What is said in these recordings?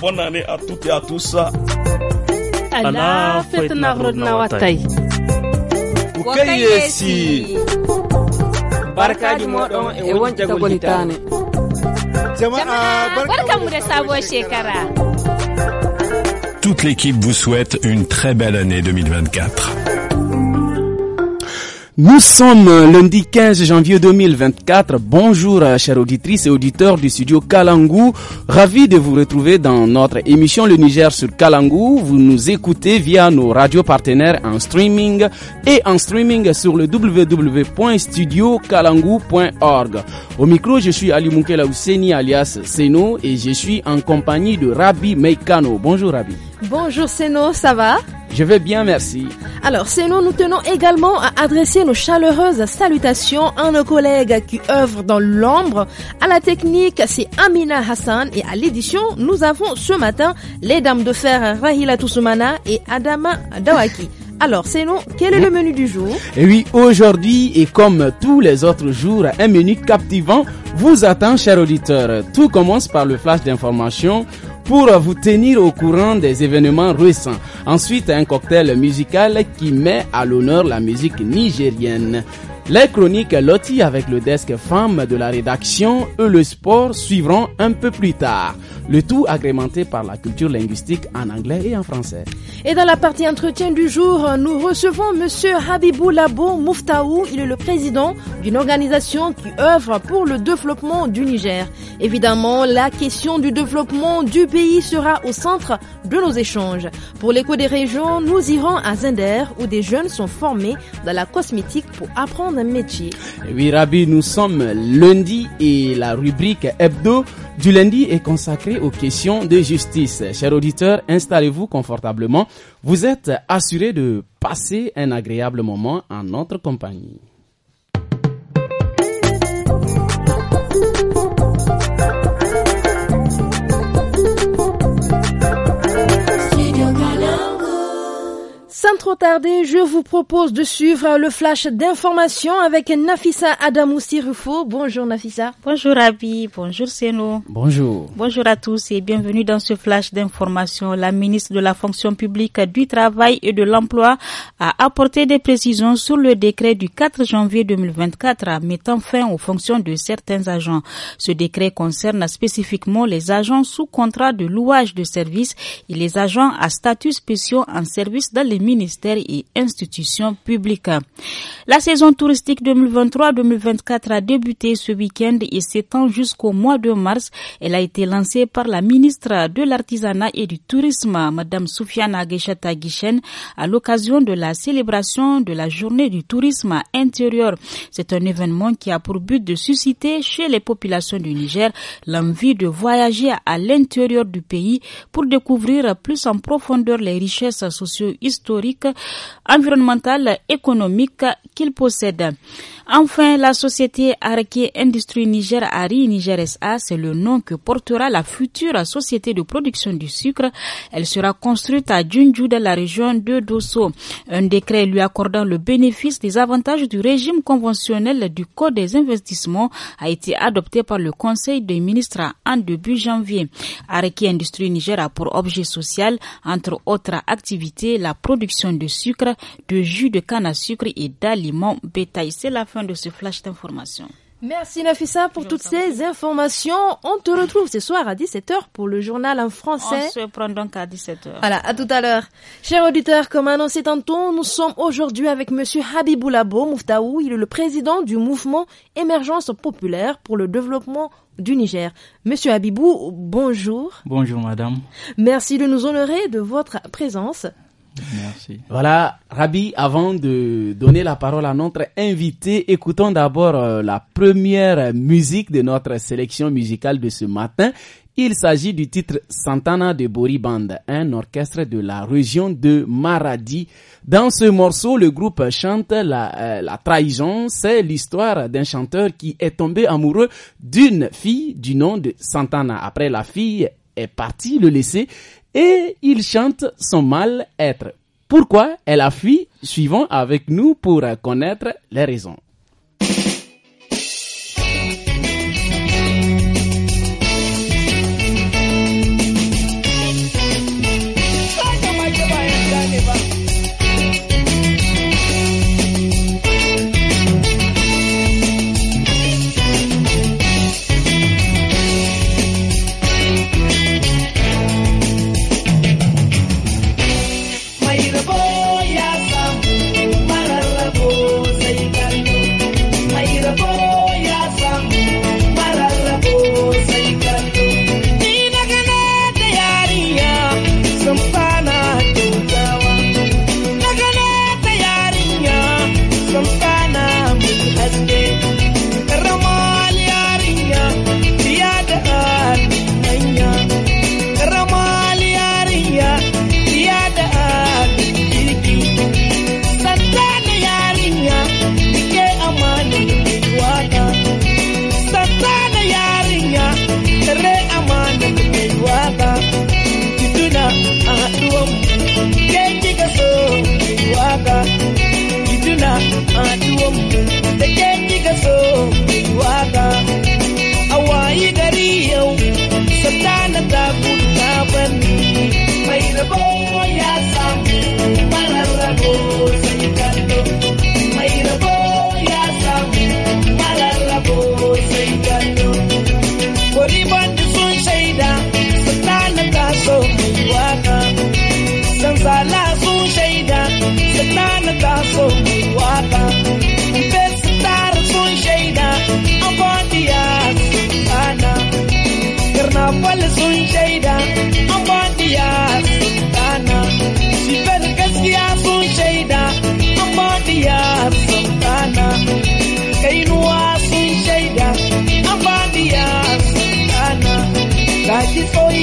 bonne année à toutes et à tous. ala fetna rodna watay wakayesi di modon e woncagol hitane jama'a barkamu da sabuwar shekara Toute l'équipe vous souhaite une très belle année 2024. Nous sommes lundi 15 janvier 2024. Bonjour, euh, chers auditrices et auditeurs du studio Kalangu. Ravi de vous retrouver dans notre émission Le Niger sur Kalangu. Vous nous écoutez via nos radios partenaires en streaming et en streaming sur le www.studiokalangu.org. Au micro, je suis Ali Moukela Ousseni alias Seno et je suis en compagnie de Rabi Meikano. Bonjour Rabi. Bonjour Seno, ça va? Je vais bien, merci. Alors Seno, nous tenons également à adresser Chaleureuse chaleureuses salutations à nos collègues qui œuvrent dans l'ombre. À la technique, c'est Amina Hassan et à l'édition, nous avons ce matin les dames de fer Rahila Toussoumana et Adama Dawaki. Alors, c'est nous quel est le menu du jour Et eh oui, aujourd'hui, et comme tous les autres jours, un menu captivant vous attend, chers auditeurs. Tout commence par le flash d'information pour vous tenir au courant des événements récents. Ensuite, un cocktail musical qui met à l'honneur la musique nigérienne. Les chroniques Loti avec le desk femme de la rédaction et le sport suivront un peu plus tard. Le tout agrémenté par la culture linguistique en anglais et en français. Et dans la partie entretien du jour, nous recevons Monsieur Habibou Labo Mouftaou. Il est le président d'une organisation qui œuvre pour le développement du Niger. Évidemment, la question du développement du pays sera au centre de nos échanges. Pour l'écho des régions, nous irons à Zinder où des jeunes sont formés dans la cosmétique pour apprendre métier. Eh oui, Rabi, nous sommes lundi et la rubrique hebdo du lundi est consacrée aux questions de justice. Chers auditeurs, installez-vous confortablement. Vous êtes assurés de passer un agréable moment en notre compagnie. Sans trop tarder, je vous propose de suivre le flash d'information avec Nafissa adamoussi Sirufo. Bonjour Nafissa. Bonjour Abi, bonjour Seno. Bonjour. Bonjour à tous et bienvenue dans ce flash d'information. La ministre de la fonction publique du travail et de l'emploi a apporté des précisions sur le décret du 4 janvier 2024 mettant fin aux fonctions de certains agents. Ce décret concerne spécifiquement les agents sous contrat de louage de services et les agents à statut spéciaux en service dans les ministères et institutions publiques. La saison touristique 2023-2024 a débuté ce week-end et s'étend jusqu'au mois de mars. Elle a été lancée par la ministre de l'Artisanat et du Tourisme, Madame Soufiane Agueshata Guichen, à l'occasion de la célébration de la journée du tourisme intérieur. C'est un événement qui a pour but de susciter chez les populations du Niger l'envie de voyager à l'intérieur du pays pour découvrir plus en profondeur les richesses socio-historiques Environnemental, économique, économique qu'il possède. Enfin, la société Arke Industrie Niger Ari Niger SA, c'est le nom que portera la future société de production du sucre. Elle sera construite à Junju dans la région de Dosso. Un décret lui accordant le bénéfice des avantages du régime conventionnel du Code des investissements a été adopté par le Conseil des ministres en début janvier. Arke Industrie Niger a pour objet social, entre autres activités, la production de sucre, de jus de canne à sucre et d'aliments bétail. C'est la fin de ce flash d'information. Merci Nafissa pour toutes ces informations. On te retrouve ce soir à 17h pour le journal en français. On se prend donc à 17h. Voilà, à tout à l'heure. Chers auditeurs, comme annoncé tantôt, nous sommes aujourd'hui avec monsieur labo Mouftaou. Il est le président du mouvement Émergence populaire pour le développement du Niger. Monsieur Habibou, bonjour. Bonjour madame. Merci de nous honorer de votre présence. Merci. Voilà, Rabi, avant de donner la parole à notre invité, écoutons d'abord euh, la première musique de notre sélection musicale de ce matin. Il s'agit du titre Santana de Boriband, un orchestre de la région de Maradi. Dans ce morceau, le groupe chante la, euh, la trahison. C'est l'histoire d'un chanteur qui est tombé amoureux d'une fille du nom de Santana. Après, la fille est partie le laisser et il chante son mal-être. Pourquoi elle a fui suivant avec nous pour connaître les raisons.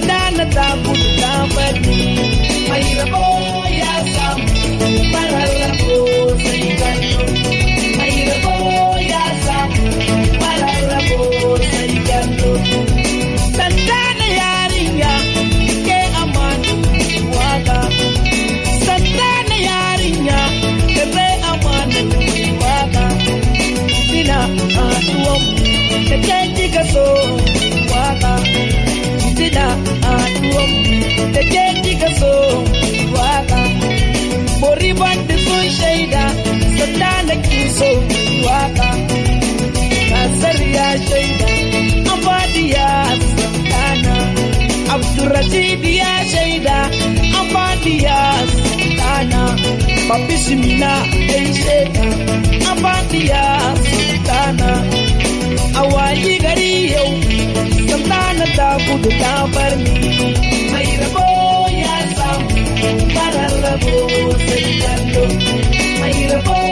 na na na na Aida, Apandias, Tana, Papisimina, Enseta, Apandias, Tana, awali gario. yau, Santana ta kudu ta bar ni, mai rabo ya samu, marar rabo mai rabo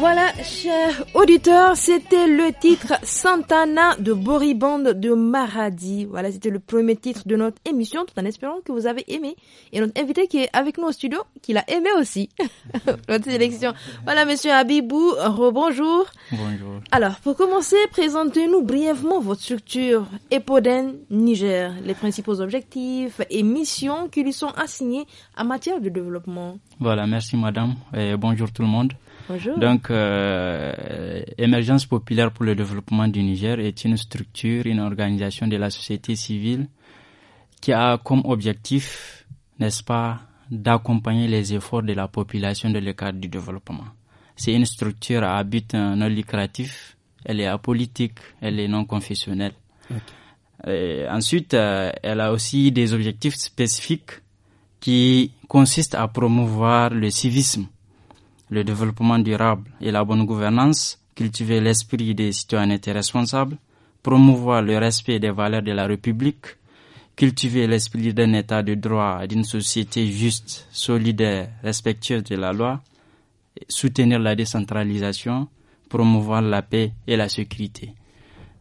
Voilà, chers auditeurs, c'était le titre Santana de Boribande de Maradi. Voilà, c'était le premier titre de notre émission, tout en espérant que vous avez aimé. Et notre invité qui est avec nous au studio, qui l'a aimé aussi, notre sélection. Voilà, monsieur Habibou, rebonjour. Bonjour. Alors, pour commencer, présentez-nous brièvement votre structure, Epoden Niger, les principaux objectifs et missions qui lui sont assignés en matière de développement. Voilà, merci madame, et bonjour tout le monde. Donc, euh, Émergence populaire pour le développement du Niger est une structure, une organisation de la société civile qui a comme objectif, n'est-ce pas, d'accompagner les efforts de la population de le cadre du développement. C'est une structure à but non lucratif, elle est apolitique, elle est non confessionnelle. Euh, ensuite, euh, elle a aussi des objectifs spécifiques qui consistent à promouvoir le civisme, le développement durable et la bonne gouvernance, cultiver l'esprit des citoyennetés responsables, promouvoir le respect des valeurs de la République, cultiver l'esprit d'un État de droit, d'une société juste, solidaire, respectueuse de la loi, soutenir la décentralisation, promouvoir la paix et la sécurité.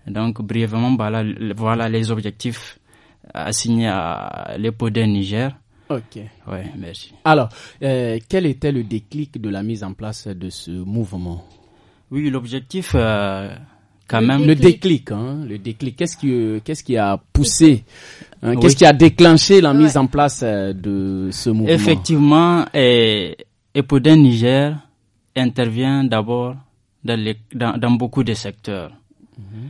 Donc, brièvement, voilà, les objectifs assignés à de Niger. Ok. Ouais, merci. Alors, euh, quel était le déclic de la mise en place de ce mouvement Oui, l'objectif, euh, quand même. Le déclic, hein, le déclic. Qu'est-ce qui, euh, qu'est-ce qui a poussé, hein, qu'est-ce qui a déclenché la mise en place euh, de ce mouvement Effectivement, et, eh, Niger intervient d'abord dans, dans, beaucoup de secteurs. Mhm.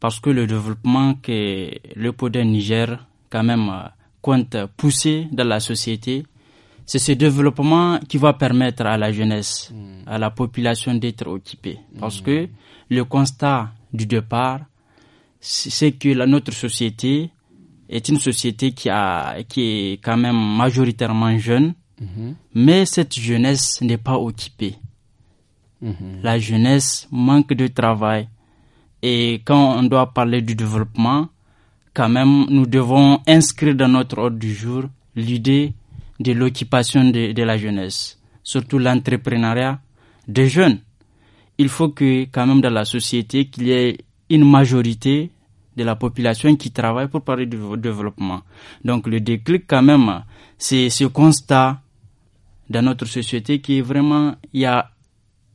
Parce que le développement que le Podin Niger, quand même, euh, compte pousser dans la société, c'est ce développement qui va permettre à la jeunesse, mm. à la population d'être occupée. Parce mm. que le constat du départ, c'est que notre société est une société qui, a, qui est quand même majoritairement jeune, mm-hmm. mais cette jeunesse n'est pas occupée. Mm-hmm. La jeunesse manque de travail. Et quand on doit parler du développement, quand même, nous devons inscrire dans notre ordre du jour l'idée de l'occupation de, la jeunesse, surtout l'entrepreneuriat des jeunes. Il faut que, quand même, dans la société, qu'il y ait une majorité de la population qui travaille pour parler de développement. Donc, le déclic, quand même, c'est ce constat dans notre société qui est vraiment, il y a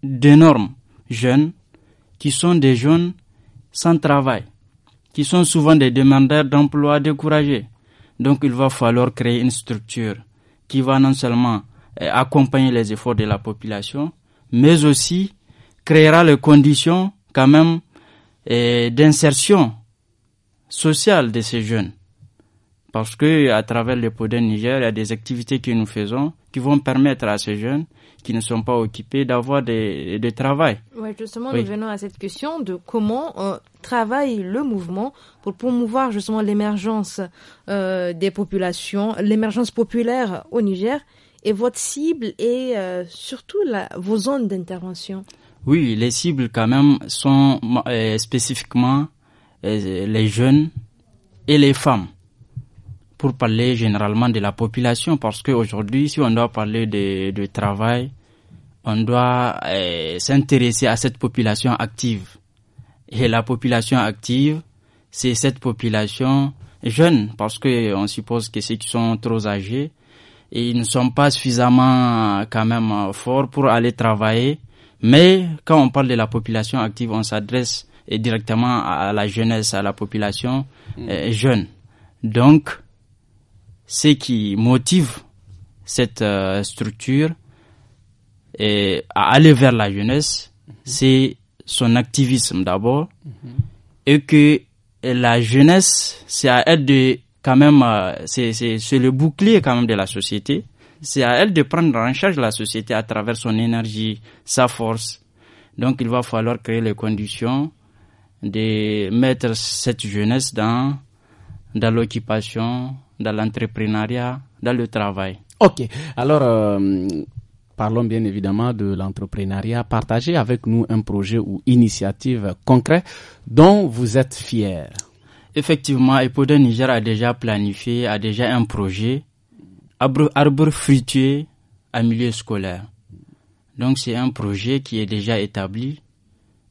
d'énormes jeunes qui sont des jeunes sans travail qui sont souvent des demandeurs d'emploi découragés. Donc il va falloir créer une structure qui va non seulement euh, accompagner les efforts de la population, mais aussi créera les conditions quand même euh, d'insertion sociale de ces jeunes. Parce que à travers le Pôle Niger, il y a des activités que nous faisons qui vont permettre à ces jeunes qui ne sont pas occupés d'avoir des, des travail. justement, nous venons à cette question de comment euh, travaille le mouvement pour promouvoir justement l'émergence euh, des populations, l'émergence populaire au Niger et votre cible et euh, surtout vos zones d'intervention. Oui, les cibles quand même sont spécifiquement les jeunes et les femmes pour parler généralement de la population, parce qu'aujourd'hui, si on doit parler de, travail, on doit euh, s'intéresser à cette population active. Et la population active, c'est cette population jeune, parce qu'on suppose que ceux qui sont trop âgés, et ils ne sont pas suffisamment quand même forts pour aller travailler. Mais quand on parle de la population active, on s'adresse directement à la jeunesse, à la population mm. euh, jeune. Donc, ce qui motive cette euh, structure à aller vers la jeunesse, c'est son activisme d'abord, mhm. et que la jeunesse, c'est à elle de quand même, euh, c'est le bouclier quand même de la société. C'est à elle de prendre en charge la société à travers son énergie, sa force. Donc il va falloir créer les conditions de mettre cette jeunesse dans, dans l'occupation, dans l'entrepreneuriat, dans le travail. Ok. Alors, euh, parlons bien évidemment de l'entrepreneuriat. Partagez avec nous un projet ou initiative concrète dont vous êtes fier. Effectivement, Epode Niger a déjà planifié, a déjà un projet, arbre, arbre fruitier à milieu scolaire. Donc c'est un projet qui est déjà établi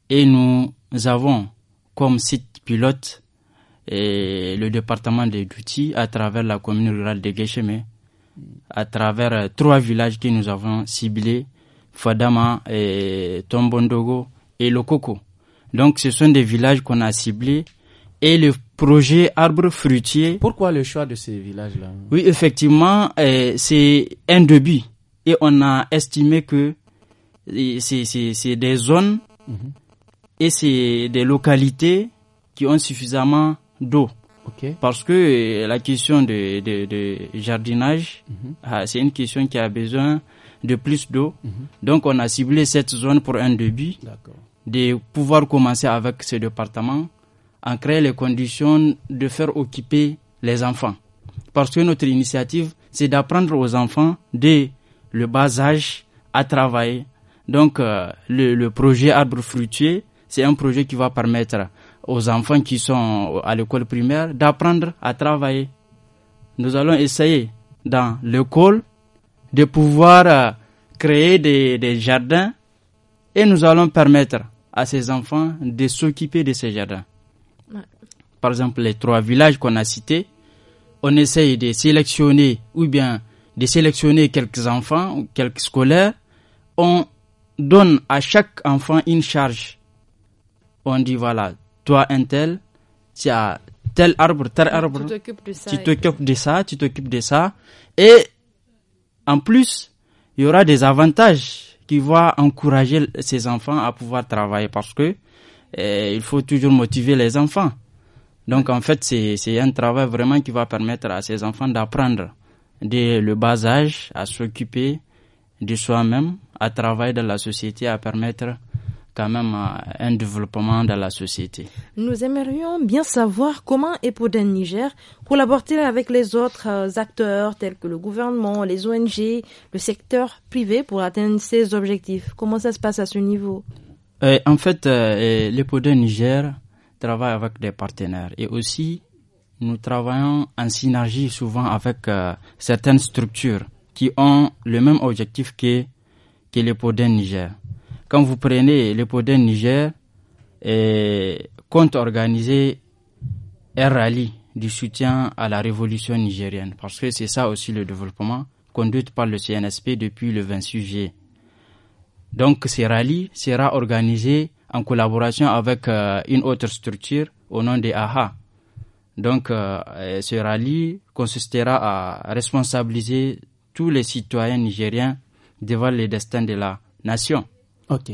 et nous avons comme site pilote et le département de Duti à travers la commune rurale de Guéchemé, à travers euh, trois villages que nous avons ciblés, Fadama, et Tombondogo et Lokoko. Donc ce sont des villages qu'on a ciblés et le projet Arbre Fruitier. Pourquoi le choix de ces villages-là Oui, effectivement, euh, c'est un début et on a estimé que c'est des zones mhm. et c'est des localités qui ont suffisamment d'eau. Parce que euh, la question de, de, jardinage, mhm. ah, c'est une question qui a besoin de plus d'eau. Mhm. Donc on a ciblé cette zone pour un début, de pouvoir commencer avec ce département, en créer les conditions de faire occuper les enfants. Parce que notre initiative, c'est d'apprendre aux enfants dès le bas âge à travailler. Donc euh, le, le projet arbre fruitier, c'est un projet qui va permettre aux enfants qui sont à l'école primaire d'apprendre à travailler. Nous allons essayer dans l'école de pouvoir euh, créer des, des, jardins et nous allons permettre à ces enfants de s'occuper de ces jardins. Par exemple, les trois villages qu'on a cités, on essaye de sélectionner ou bien de sélectionner quelques enfants ou quelques scolaires. On donne à chaque enfant une charge. On dit voilà, toi, un tel, tu as tel arbre, tel arbre. Tu t'occupes de ça. Tu t'occupes de ça, Et en plus, il y aura des avantages qui vont encourager ces enfants à pouvoir travailler parce que eh, il faut toujours motiver les enfants. Donc en fait, c'est un travail vraiment qui va permettre à ces enfants d'apprendre dès le bas âge à s'occuper de soi-même, à travailler dans la société, à permettre quand même euh, un développement dans la société. Nous aimerions bien savoir comment Epoden Niger collabore-t-il avec les autres euh, acteurs tels que le gouvernement, les ONG, le secteur privé pour atteindre ces objectifs. Comment ça se passe à ce niveau euh, En fait, Epoden Niger travaille avec des partenaires et aussi nous travaillons en synergie souvent avec certaines structures qui ont le même objectif que, que l'Epoden Niger. Quand vous prenez le Podin Niger, eh, compte organiser un rallye du soutien à la révolution nigérienne, parce que c'est ça aussi le développement conduit par le CNSP depuis le 26 juillet. Donc ce rallye sera organisé en collaboration avec euh, une autre structure au nom des AHA. Donc euh, eh, ce rallye consistera à responsabiliser tous les citoyens nigériens devant le destin de la nation. Ok,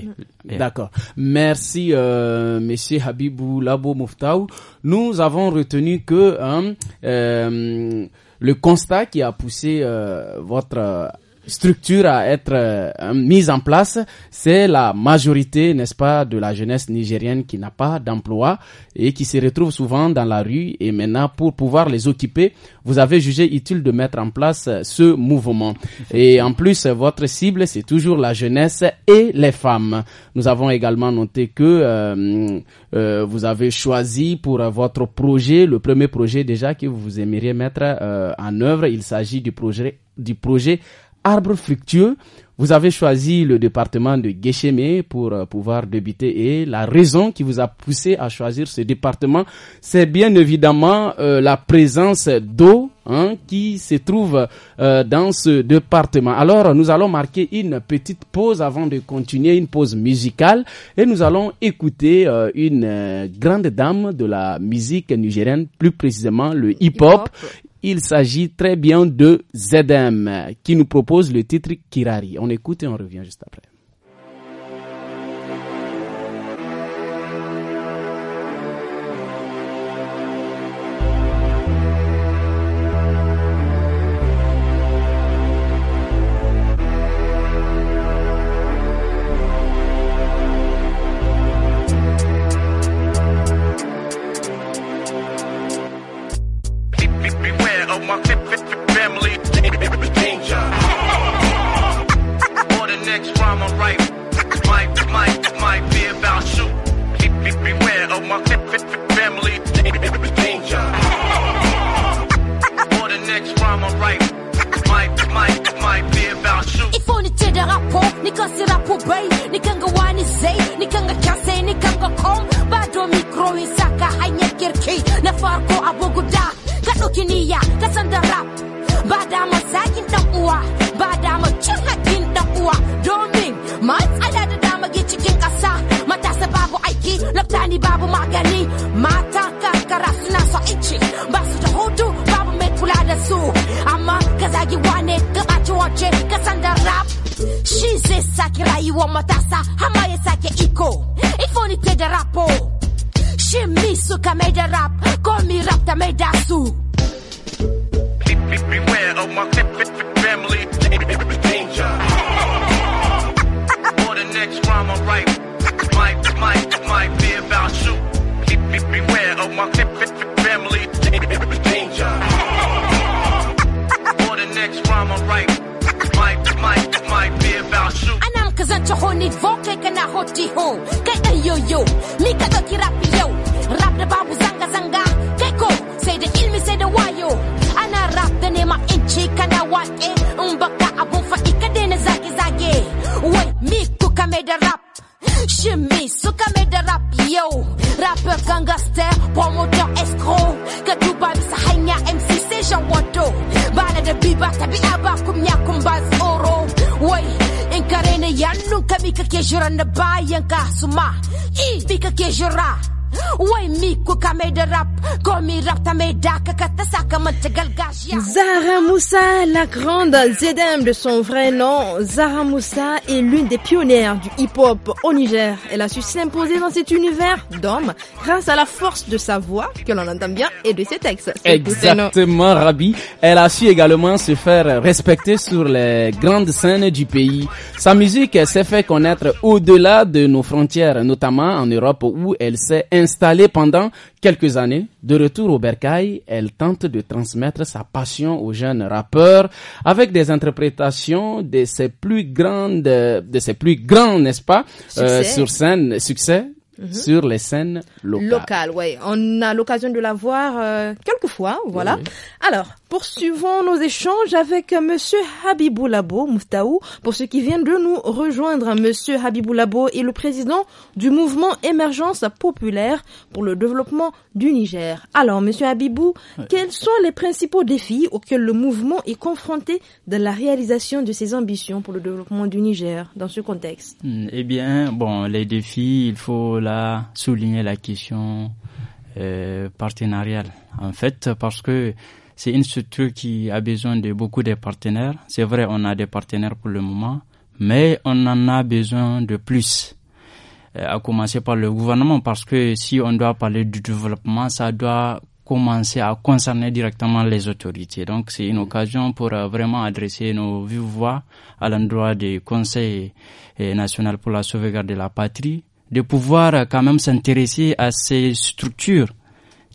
mm. d'accord. Merci, M. Euh, monsieur Habibou Labo Mouftaou. Nous avons retenu que hein, euh, le constat qui a poussé euh, votre structure à être euh, mise en place, c'est la majorité, n'est-ce pas, de la jeunesse nigérienne qui n'a pas d'emploi et qui se retrouve souvent dans la rue. Et maintenant, pour pouvoir les occuper, vous avez jugé utile de mettre en place ce mouvement. Et en plus, votre cible, c'est toujours la jeunesse et les femmes. Nous avons également noté que euh, euh, vous avez choisi pour votre projet, le premier projet déjà que vous aimeriez mettre en œuvre. Il s'agit du projet du projet arbre fructueux. Vous avez choisi le département de Guechemé pour euh, pouvoir débuter et la raison qui vous a poussé à choisir ce département, c'est bien évidemment euh, la présence d'eau hein, qui se trouve euh, dans ce département. Alors nous allons marquer une petite pause avant de continuer, une pause musicale et nous allons écouter une grande dame de la musique nigérienne, plus précisément le hip-hop. hip hop il s'agit très bien de Zedem qui nous propose le titre Kirari. On écoute et on revient juste après. my family danger. or the next rhyme I write might, might, might be about you. Beware of my family danger. or the next rhyme I write might, might, might be about you. If only Ifoni tenda rapo, rapo nikasira pubei, nikanga wani zei, nikanga kase, nikanga kom, bado mikro isaka hanyekirki, na farko abuguda, katukiniya, katukiniya ba dama sakin dan uwa ba dama cin hakkin dan uwa domin matsala da dama ke cikin ƙasa matasa babu aiki laftani babu magani mata karkara suna sa ice ba su da hutu babu mai kula da su amma ka zagi wane ka ɓaci wace ka san da rap shi zai sake rayuwar matasa hama ya sake iko ifoni te da rapo shi mi suka mai da rap ko mi rap ta mai da su jihun kai dan yoyo ni ka dauki rap yau rap da babu zanga zanga kai ko sai da ilmi sai da wayo ana rap name nema Inchi kana wake in baka abun faɗi ka daina zage zage wai mi kuka mai da rap shin me suka mai da rap yau rapper gangster promoter escrow Fi kake jiran bayan ka suma. Fi kake Zahra Moussa, la grande Zedem de son vrai nom, Zahra Moussa est l'une des pionnières du hip-hop au Niger. Elle a su s'imposer dans cet univers d'hommes grâce à la force de sa voix, que l'on entend bien, et de ses textes. Exactement, Rabi. Elle a su également se faire respecter sur les grandes scènes du pays. Sa musique s'est fait connaître au-delà de nos frontières, notamment en Europe où elle s'est installée pendant quelques années. De retour au Bercail, elle tente de transmettre sa passion aux jeunes rappeurs avec des interprétations de ses plus grandes, de ses plus grands, n'est-ce pas, euh, sur scène, succès Mhm. sur les scènes locales. oui. On a l'occasion de la voir euh, quelques fois, voilà. Alors, poursuivons nos échanges avec euh, Monsieur Habibou Labo Mouftaou. Pour ceux qui viennent de nous rejoindre, Monsieur Habibou Labo est le président du mouvement Émergence populaire pour le développement du Niger. Alors, Monsieur Habibou, quels sont les principaux défis auxquels le mouvement est confronté dans la réalisation de ses ambitions pour le développement du Niger dans ce contexte hmm, Eh bien, bon, les défis, il faut souligner la question euh, partenariale. En fait, parce que c'est une structure qui a besoin de beaucoup de partenaires. C'est vrai, on a des partenaires pour le moment, mais on en a besoin de plus. Euh, à commencer par le gouvernement, parce que si on doit parler du développement, ça doit commencer à concerner directement les autorités. Donc c'est une occasion pour euh, vraiment adresser nos vives voix à l'endroit du Conseil national pour la sauvegarde de la patrie, de pouvoir euh, quand même s'intéresser à ces structures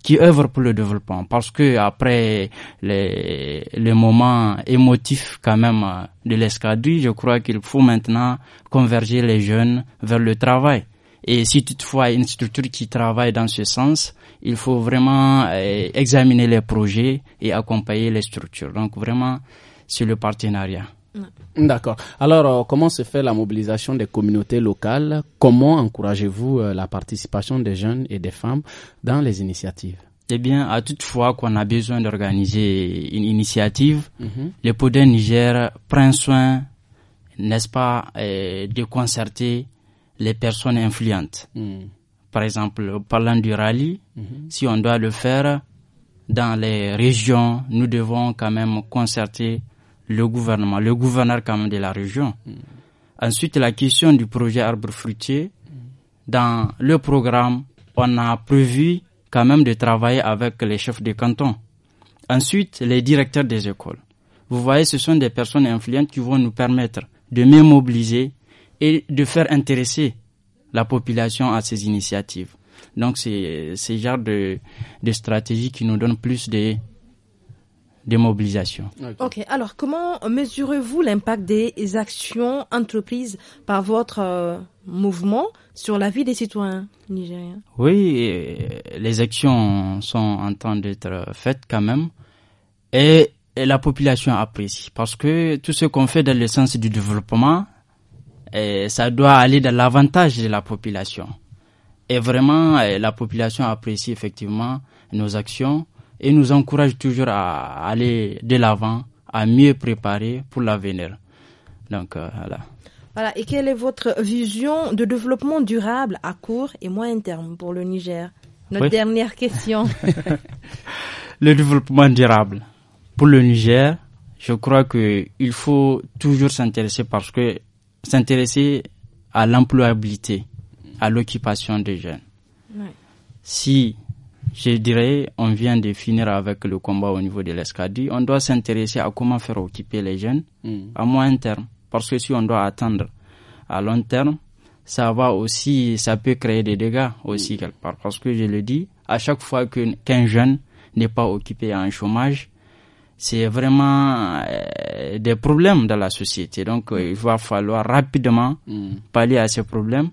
qui œuvrent pour le développement parce que après les, les moments émotifs quand même euh, de l'escadrille, je crois qu'il faut maintenant converger les jeunes vers le travail. Et si toutefois une structure qui travaille dans ce sens, il faut vraiment euh, examiner les projets et accompagner les structures. Donc vraiment, c'est le partenariat. D'accord. Alors, euh, comment se fait la mobilisation des communautés locales Comment encouragez-vous euh, la participation des jeunes et des femmes dans les initiatives eh bien, à toute fois qu'on a besoin d'organiser une initiative, mhm. le prennent Niger prend soin, n'est-ce pas, euh, de concerter les personnes influentes. Mhm. Par exemple, parlant du rallye, mhm. si on doit le faire dans les régions, nous devons quand même concerter le gouvernement, le gouverneur quand même de la région. Mm. Ensuite, la question du projet arbre fruitier. Dans le programme, on a prévu quand même de travailler avec les chefs de canton. Ensuite, les directeurs des écoles. Vous voyez, ce sont des personnes influentes qui vont nous permettre de mieux mobiliser et de faire intéresser la population à ces initiatives. Donc, c'est ce genre de, de stratégie qui nous donne plus de de mobilisation. Ok, alors comment mesurez-vous l'impact des actions entreprises par votre euh, mouvement sur la vie des citoyens nigériens Oui, les actions sont en train d'être faites quand même et, la population apprécie parce que tout ce qu'on fait dans le sens du développement, et eh, ça doit aller dans l'avantage de la population. Et vraiment, eh, la population apprécie effectivement nos actions et nous encourage toujours à aller de l'avant, à mieux préparer pour l'avenir. Donc euh, voilà. Voilà, et quelle est votre vision de développement durable à court et moyen terme pour le Niger Notre dernière question. le développement durable pour le Niger, je crois qu'il faut toujours s'intéresser parce que s'intéresser à l'employabilité, à l'occupation des jeunes. Si je dirais, on vient de finir avec le combat au niveau de l'escadie. On doit s'intéresser à comment faire occuper les jeunes hmm. à moyen terme. Parce que si on doit attendre à long terme, ça va aussi, ça peut créer des dégâts aussi hmm. quelque part. Parce que je le dis, à chaque fois qu'un jeune n'est pas occupé à un chômage, c'est vraiment euh, des problèmes dans la société. Donc, euh, il va falloir rapidement hmm. pallier à ces problèmes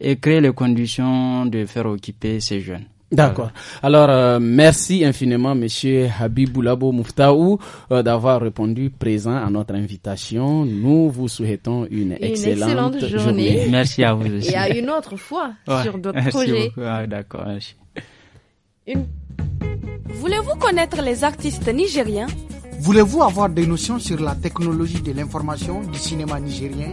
et créer les conditions de faire occuper ces jeunes. D'accord. Alors, euh, merci infiniment, Monsieur Habiboulabo Mouftaou, euh, d'avoir répondu présent à notre invitation. Nous vous souhaitons une, excellente, journée. Merci à vous aussi. Et à une autre fois sur d'autres projets. D'accord. Voulez-vous connaître les artistes nigériens Voulez-vous avoir des notions sur la technologie de l'information du cinéma nigérien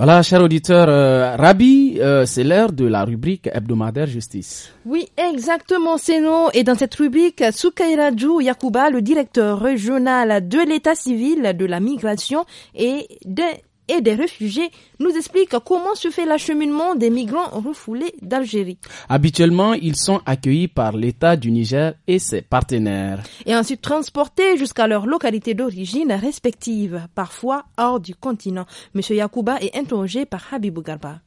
Voilà, cher auditeur, euh, euh, c'est l'heure de la rubrique hebdomadaire justice. Oui, exactement, c'est nous. Et dans cette rubrique, Soukairaju Yakuba, le directeur régional de l'état civil de la migration et des et des réfugiés nous expliquent comment se fait l'acheminement des migrants refoulés d'Algérie. Habituellement, ils sont accueillis par l'État du Niger et ses partenaires. Et ensuite transportés jusqu'à leur localité d'origine respective, parfois hors du continent. Monsieur Yacouba est interrogé par Habibou Garba.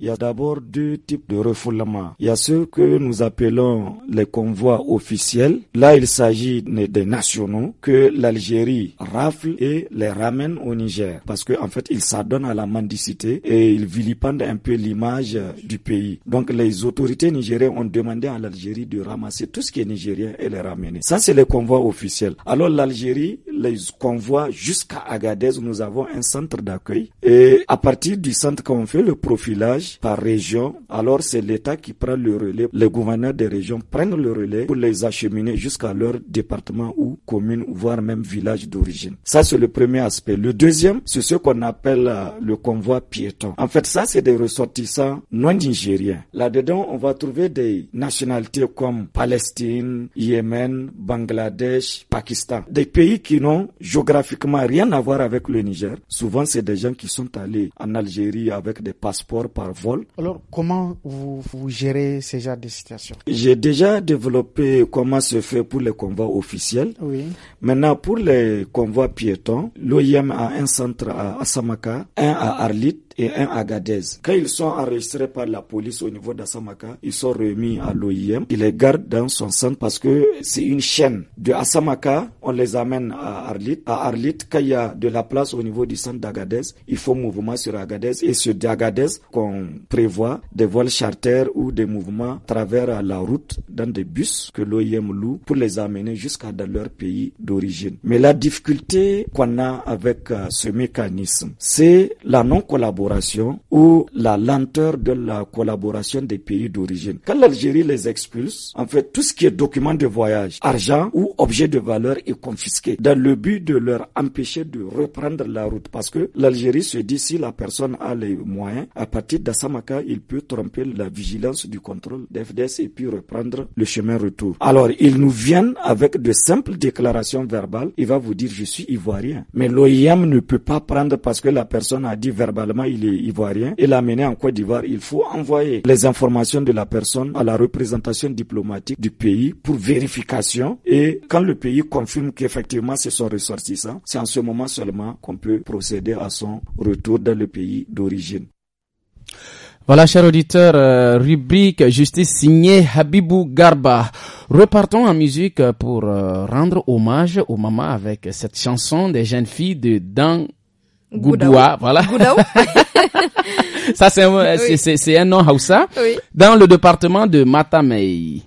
Il y a d'abord deux types de refoulement. Il y a ceux que nous appelons les convois officiels. Là, il s'agit des nationaux que l'Algérie rafle et les ramène au Niger. Parce qu'en en fait, ils s'adonnent à la mendicité et ils vilipendent un peu l'image du pays. Donc, les autorités nigériennes ont demandé à l'Algérie de ramasser tout ce qui est nigérien et les ramener. Ça, c'est les convois officiels. Alors, l'Algérie les convois jusqu'à Agadez où nous avons un centre d'accueil. Et à partir du centre qu'on fait le profilage, par région, alors c'est l'État qui prend le relais. Les gouverneurs des régions prennent le relais pour les acheminer jusqu'à leur département ou commune, voire même village d'origine. Ça, c'est le premier aspect. Le deuxième, c'est ce qu'on appelle euh, le convoi piéton. En fait, ça, c'est des ressortissants non nigériens. Là-dedans, on va trouver des nationalités comme Palestine, Yémen, Bangladesh, Pakistan. Des pays qui n'ont géographiquement rien à voir avec le Niger. Souvent, c'est des gens qui sont allés en Algérie avec des passeports par alors, comment vous, gérez ces genres de situations J'ai déjà développé comment se fait pour les convois officiels. Oui. Maintenant, pour les convois piétons, l'OIM a un centre à Samaka, un à Arlit, et un Agadez. Quand ils sont enregistrés par la police au niveau d'Assamaka, ils sont remis à l'OIM. Ils les gardent dans son centre parce que c'est une chaîne. De Assamaka, on les amène à Arlit. À Arlit, quand il y a de la place au niveau du centre d'Agadez, il faut mouvement sur Agadez et sur Agadez qu'on prévoit des vols charters ou des mouvements à travers la route dans des bus que l'OIM loue pour les amener jusqu'à dans leur pays d'origine. Mais la difficulté qu'on a avec euh, ce mécanisme, c'est la non-collaboration ou la lenteur de la collaboration des pays d'origine. Quand l'Algérie les expulse, en fait, tout ce qui est document de voyage, argent ou objet de valeur est confisqué dans le but de leur empêcher de reprendre la route parce que l'Algérie se dit si la personne a les moyens, à partir d'Assamaka, il peut tromper la vigilance du contrôle des et puis reprendre le chemin retour. Alors, ils nous viennent avec de simples déclarations verbales. Il va vous dire, je suis ivoirien. Mais l'OIM ne peut pas prendre parce que la personne a dit verbalement, il est ivoirien et l'amener en Côte d'Ivoire, il faut envoyer les informations de la personne à la représentation diplomatique du pays pour vérification. Et quand le pays confirme qu'effectivement c'est son ressortissant, c'est en ce moment seulement qu'on peut procéder à son retour dans le pays d'origine. Voilà, cher auditeur, euh, rubrique justice signée Habibou Garba. Repartons en musique pour euh, rendre hommage aux mamans avec cette chanson des jeunes filles de Dang. Goudoua, voilà. Ça, c'est un, c'est, un nom Hausa. Dans le département de Matamei.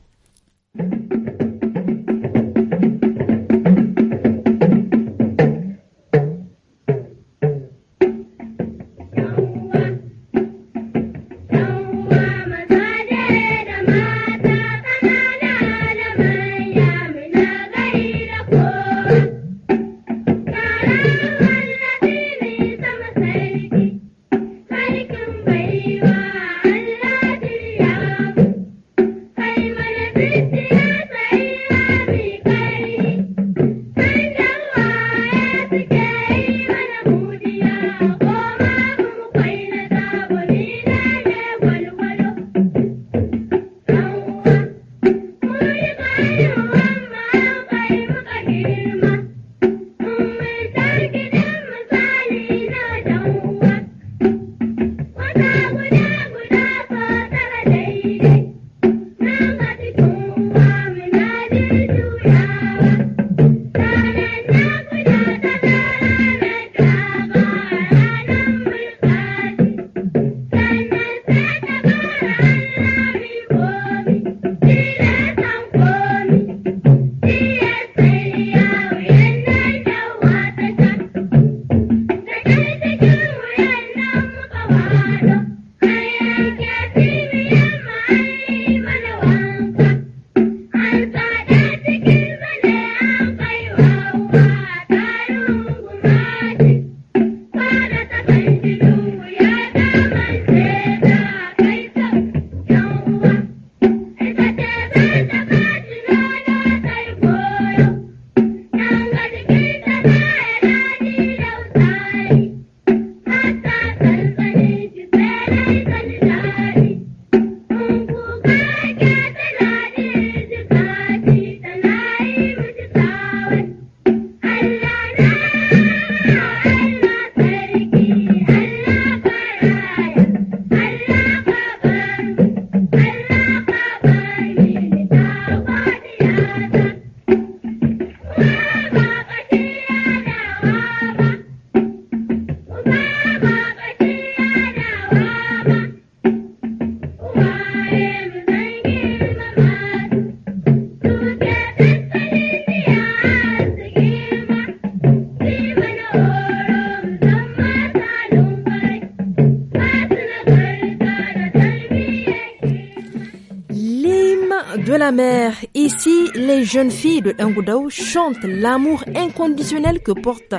Ici, les jeunes filles de Ngudao chantent l'amour inconditionnel que portent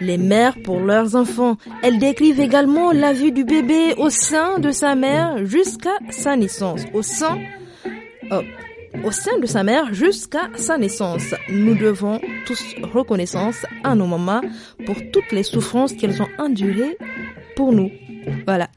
les mères pour leurs enfants. Elles décrivent également la vie du bébé au sein de sa mère jusqu'à sa naissance. Au sein, oh, au sein de sa mère jusqu'à sa naissance. Nous devons tous reconnaissance à nos mamans pour toutes les souffrances qu'elles ont endurées pour nous. Voilà.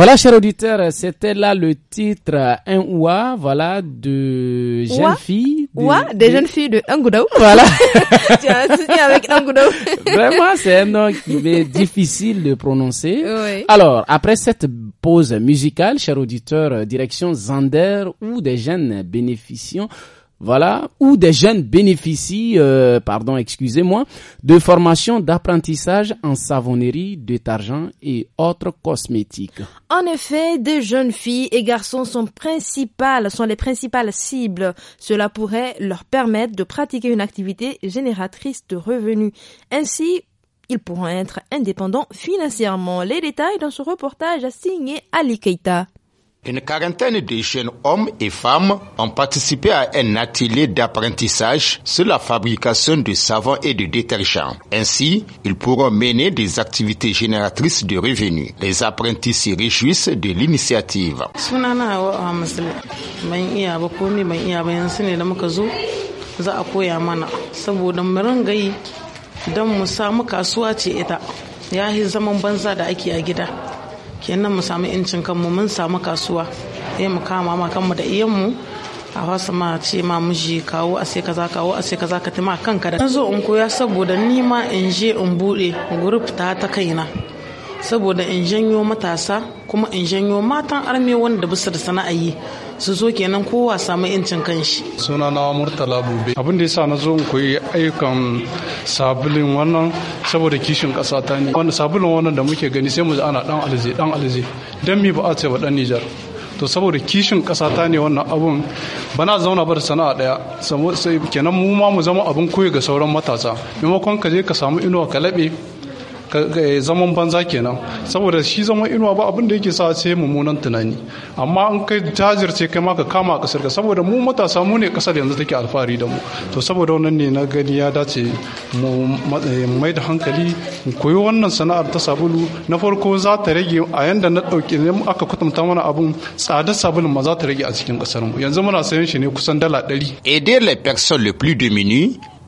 Voilà, chers auditeurs, c'était là le titre un oua, voilà, de jeunes filles. des jeunes filles de Angudo. Voilà. tu as avec Angudo. Vraiment, c'est un nom qui est difficile de prononcer. Oui. Alors, après cette pause musicale, chers auditeurs, direction Zander, ou des jeunes bénéficiant voilà, où des jeunes bénéficient, euh, pardon, excusez-moi, de formations d'apprentissage en savonnerie, détergent et autres cosmétiques. En effet, des jeunes filles et garçons sont principales, sont les principales cibles. Cela pourrait leur permettre de pratiquer une activité génératrice de revenus. Ainsi, ils pourront être indépendants financièrement. Les détails dans ce reportage signé Ali Keita. Une quarantaine de jeunes hommes et femmes ont participé à un atelier d'apprentissage sur la fabrication de savons et de détergents. Ainsi, ils pourront mener des activités génératrices de revenus. Les apprentis se réjouissent de l'initiative. Oh, ah, kenan mu samu incin kanmu mun samu kasuwa sai mu kama ma kanmu da iyanmu a wasu ma ce ma miji kawo a sai kaza kawo a sai kaza ka tima kanka da zo in koya saboda ni ma in je in bude gurup ta ta kaina saboda in janyo matasa kuma in janyo matan arme wanda bisa da sana'ayi su zo kenan kowa samu yancin kanshi suna na murtala bube abin da yasa na zo in koyi ayyukan sabulin wannan saboda kishin kasa ta ne wanda sabulin wannan da muke gani sai mu ji ana dan alize dan alize dan mi ba a ce ba dan Nijar to saboda kishin kasa ta ne wannan abun bana zauna bar sana'a daya kenan mu ma mu zama abin koyi ga sauran matasa maimakon ka je ka samu inuwa ka laɓe Eh, zaman banza kenan saboda shi zaman inuwa ba abin da yake sa sai mummunan tunani amma an kai jajirce kai maka ka kama kasar ka saboda mu matasa mu ne kasar yanzu take alfahari da mu to saboda wannan ne na gani ya dace mu eh, mai da hankali koyi wannan sana'ar ta sabulu na farko za ta rage a yanda na dauke aka kwatanta mana abun tsadar sabulun ma za ta rage a cikin kasar mu yanzu muna sayan shi ne kusan dala 100 et dès les personnes plus démunies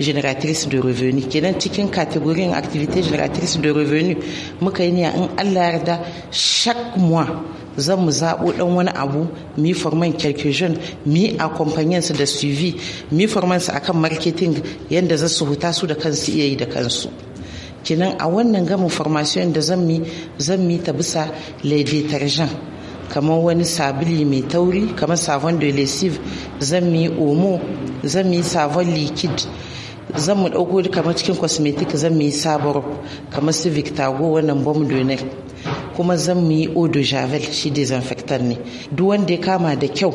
generatrice de revenu kenan cikin categorin activité generatrice de revenu muka yi niyya in Allah yarda chaque mois zan mu zaɓo ɗan wani abu mi forman calculation mi accompagner su da suivi mi forman su akan marketing yadda za su huta su da kansu iya yi da kansu kinan a wannan gamin formation da zan mi zan mi ta bisa les kamar wani sabili mai tauri kamar savon de lessive zan mi omo zan mi savon liquide zan mu ɗauko kamar cikin cosmetic zan mu yi sabon kamar su victago wannan bom donel kuma zan mu yi eau de javel shi disinfectant ne duk wanda ya kama da kyau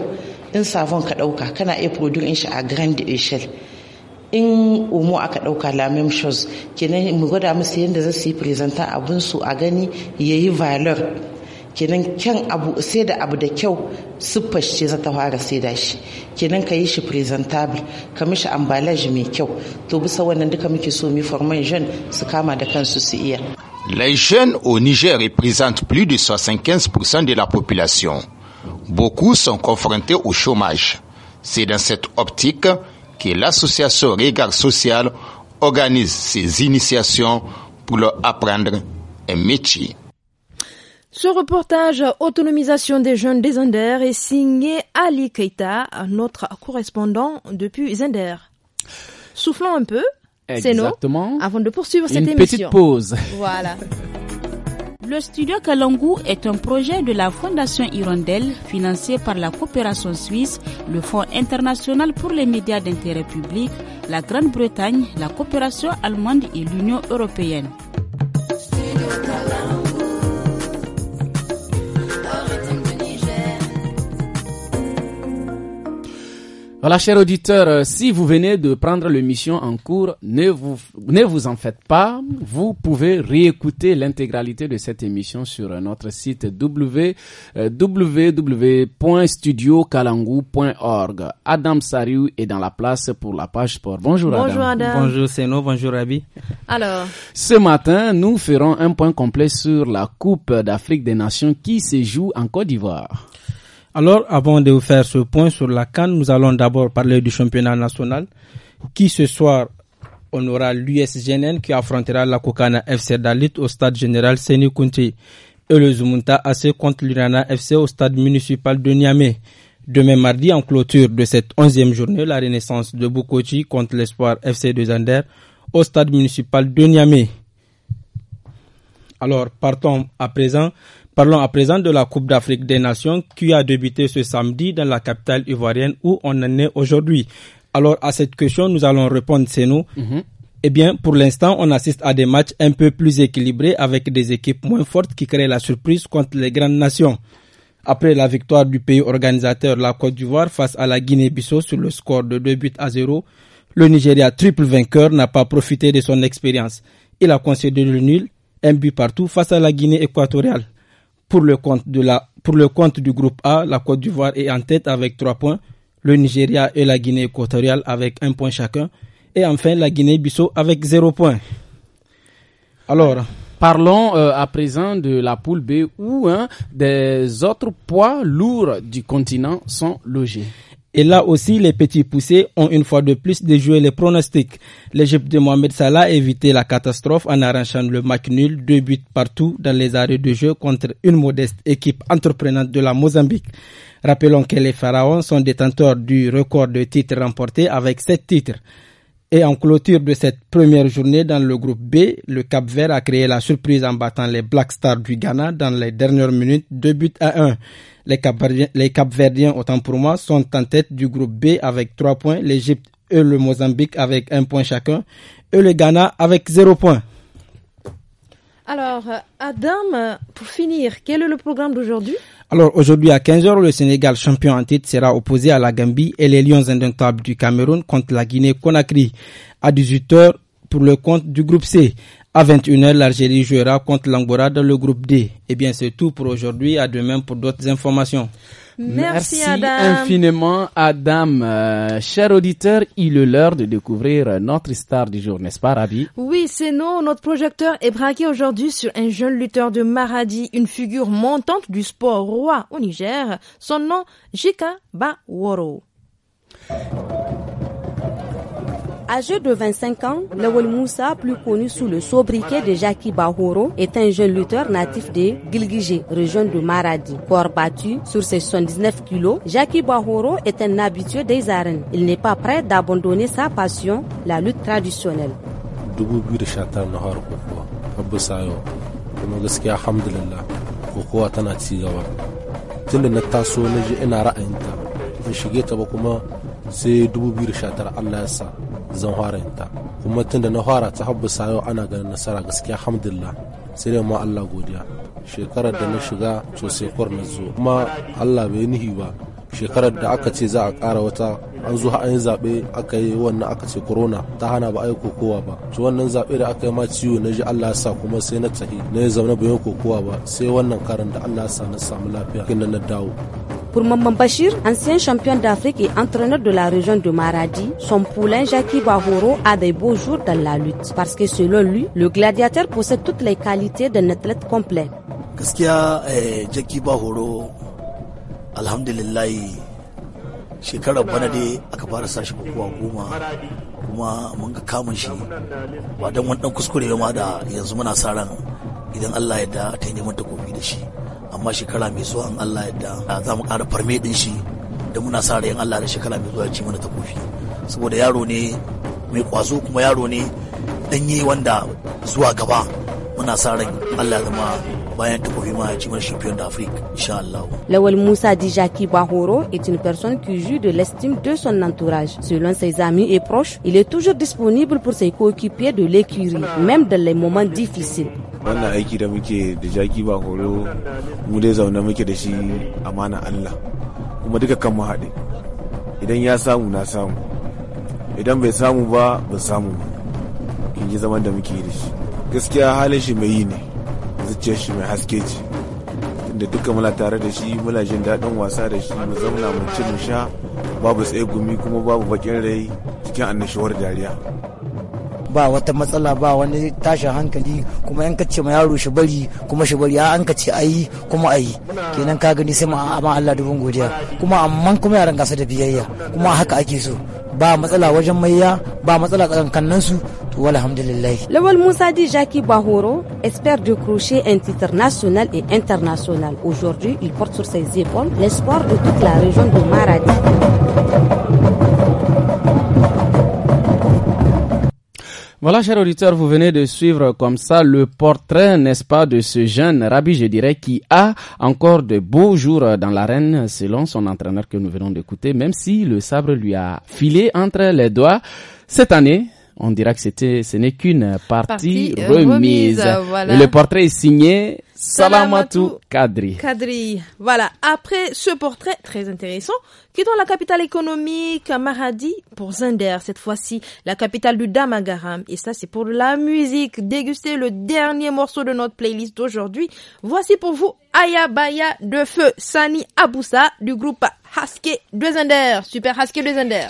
in savon ka ɗauka kana iya produce shi a grand echelle in umu aka ɗauka lamem shows kenan mu gwada musu yadda za su yi abun su a gani yayi yi valor Les jeunes au Niger représentent plus de 75% de la population. Beaucoup sont confrontés au chômage. C'est dans cette optique que l'association Regard Social organise ses initiations pour leur apprendre un métier. Ce reportage Autonomisation des jeunes des Zender est signé Ali Keita, notre correspondant depuis Zender. Soufflons un peu, c'est nous, avant de poursuivre cette Une Petite pause. Voilà. Le studio Kalangu est un projet de la Fondation Hirondelle financé par la coopération suisse, le Fonds international pour les médias d'intérêt public, la Grande-Bretagne, la coopération allemande et l'Union européenne. Voilà, chers auditeurs, euh, si vous venez de prendre l'émission en cours, ne vous, ne vous en faites pas. Vous pouvez réécouter l'intégralité de cette émission sur notre site www.studiocalangou.org. Adam Sariou est dans la place pour la page sport. Bonjour Adam. Bonjour Adam. Bonjour Seno, bonjour Rabi. Alors. Ce matin, nous ferons un point complet sur la Coupe d'Afrique des Nations qui se joue en Côte d'Ivoire. Alors, avant de vous faire ce point sur la CAN, nous allons d'abord parler du championnat national qui ce soir on aura l'USGNN qui affrontera la Kokana FC Dalit au stade général Seni Kunti et le Zumunta AC contre l'Urana FC au stade municipal de Niamey. Demain mardi, en clôture de cette onzième journée, la renaissance de Bukoti contre l'espoir FC de Zander au stade municipal de Niamey. Alors, partons à présent Parlons à présent de la Coupe d'Afrique des Nations qui a débuté ce samedi dans la capitale ivoirienne où on en est aujourd'hui. Alors à cette question, nous allons répondre, c'est nous. Mhm. Eh bien, pour l'instant, on assiste à des matchs un peu plus équilibrés avec des équipes moins fortes qui créent la surprise contre les grandes nations. Après la victoire du pays organisateur, la Côte d'Ivoire, face à la Guinée-Bissau sur le score de 2 buts à 0, le Nigeria, triple vainqueur, n'a pas profité de son expérience. Il a concédé le nul, un but partout face à la Guinée équatoriale. Pour le compte, de la, pour le compte du groupe A, la Côte d'Ivoire est en tête avec 3 points, le Nigeria et la Guinée équatoriale avec 1 point chacun, et enfin la Guinée-Bissau avec 0 point. Alors, Parlons euh, à présent de la poule B où hein, des autres poids lourds du continent sont logés. Et là aussi, les petits poussés ont une fois de plus déjoué les pronostics. L'Égypte de Mohamed Salah a évité la catastrophe en arrachant le match nul, deux buts partout dans les arrêts de jeu contre une modeste équipe entreprenante de la Mozambique. Rappelons que les Pharaons sont détenteurs du record de titres remportés avec sept titres. Et en clôture de cette première journée dans le groupe B, le Cap Vert a créé la surprise en battant les Black Stars du Ghana dans les dernières minutes, 2 buts à 1. Les Cap les autant pour moi, sont en tête du groupe B avec trois points, l'Égypte et le Mozambique avec un point chacun, et le Ghana avec zéro point. Alors, euh, Adam, pour finir, quel est le programme d'aujourd'hui Alors, aujourd'hui à 15h, le Sénégal champion en titre sera opposé à la Gambie et les Lions indomptables du Cameroun contre la Guinée-Conakry. À 18h, pour le compte du groupe C. À 21h, l'Algérie jouera contre l'Angora dans le groupe D. Eh bien, c'est tout pour aujourd'hui. À demain pour d'autres informations. Merci, Adam. infiniment Adam. Euh, cher auditeur, il est l'heure de découvrir notre star du jour, n'est-ce pas Rabi Oui, c'est nous. Notre projecteur est braqué aujourd'hui sur un jeune lutteur de Maradi, une figure montante du sport roi au Niger. Son nom, Jika Baworo. Âgé de 25 ans, Lawal Moussa, plus connu sous le sobriquet de Jackie Bahoro, est un jeune lutteur natif de Gilgigé, région de Maradi. Corps battu sur ses 79 kilos, Jackie Bahoro est un habitué des arènes. Il n'est pas prêt d'abandonner sa passion, la lutte traditionnelle. zan fara yin ta kuma tun da na fara ta habba yau ana ganin nasara gaskiya alhamdulillah sai dai ma Allah godiya shekarar da na shiga sosai kwar na zo kuma Allah bai nihi ba shekarar da aka ce za a ƙara wata an zo an yi zaɓe aka yi wannan aka ce corona ta hana ba a yi kokowa ba to wannan zaɓe da aka yi ma ciwo na ji Allah sa kuma sai na tahi na yi zaune bayan kokowa ba sai wannan karan da Allah sa na samu lafiya kin na dawo Pour Maman Bachir, ancien champion d'Afrique et entraîneur de la région de Maradi, son poulain Jackie Bahoro a des beaux jours dans la lutte parce que selon lui, le gladiateur possède toutes les qualités d'un athlète complet. Qu'est-ce Ce a, Jackie Bahoro, alhamdulillah, shekarar bana dai aka fara sashi kokowa goma kuma mun ga kamun shi ba don wani kuskure ma da yanzu muna sa ran idan Allah ya da ta yi neman takobi da shi amma shekara mai zuwa in Allah yadda za mu ƙara farme ɗin shi da muna sa ran Allah da shekara mai zuwa ci mana ta kofi saboda yaro ne mai kwazo kuma yaro ne danye wanda zuwa gaba muna sa ran Allah zama bayan takobi ma ci mana champion d'Afrique insha Allah. Lawal Moussa Dijaki Bahoro est une personne qui joue de l'estime de son entourage. Selon ses amis et proches, il est toujours disponible pour ses coéquipiers de l'écurie, même dans les moments difficiles. wannan aiki da muke da jaki ba horo mu dai zaune muke da shi amana Allah kuma duka kan mu haɗe idan ya samu na samu idan bai samu ba ba samu ba kin ji zaman da muke da shi gaskiya halin shi mai yi ne zuciyar shi mai haske ce inda duka muna tare da shi muna jin daɗin wasa da shi mu zauna mu ci mu sha babu tsaye gumi kuma babu baƙin rai cikin annashuwar dariya ba wata matsala ba wani tashin hankali kuma yan kace ma yaro shi bari kuma shi bari an kace ayi kuma ayi kenan ka gani sai ma Allah dubun godiya kuma amma kuma yaran gasa da biyayya kuma haka ake so ba matsala wajen maiya ba matsala tsakankanin su to alhamdulillah Lawal Moussa di Jackie Bahoro expert de crochet international et international aujourd'hui il porte sur ses épaules l'espoir de toute la région de Maradi Voilà, chers auditeurs, vous venez de suivre comme ça le portrait, n'est-ce pas, de ce jeune rabbi, je dirais, qui a encore de beaux jours dans l'arène, selon son entraîneur que nous venons d'écouter, même si le sabre lui a filé entre les doigts. Cette année, on dira que c'était, ce n'est qu'une partie, euh, remise. le portrait est signé Salamatu Kadri. Kadri. Voilà. Après ce portrait très intéressant, qui dans la capitale économique, Maradi, pour Zinder, cette fois-ci, la capitale du Damagaram. Et ça, c'est pour la musique. Dégustez le dernier morceau de notre playlist d'aujourd'hui. Voici pour vous Baya de Feu, Sani Aboussa, du groupe Haske de Zinder. Super Haske de Zinder.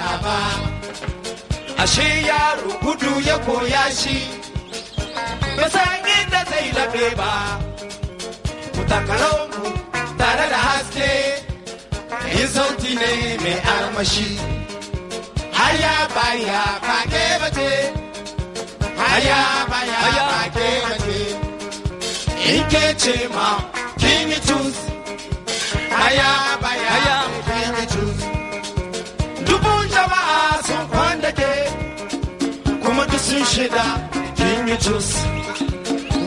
kaba ashia ashe yaro gudu ya koya shi ba san inda zai labe ba ku tare da haske in sauti ne mai armashi haya baya fage bace haya baya fage bace in ke ce ma king choose haya baya dubun jama'a sun kwandake kuma duk sun shida kin yi jus